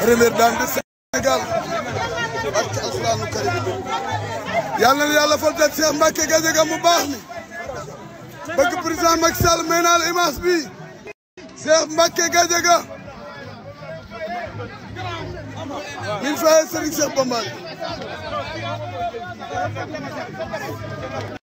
premier daan bi Sénégal ak alxuraanu mu baax mi bëgg président Macky Sall may naa la bi Cheikh Mbacke Gadiaga min faye Serigne Cheikh Bamba ¡Vamos! ¡Vamos!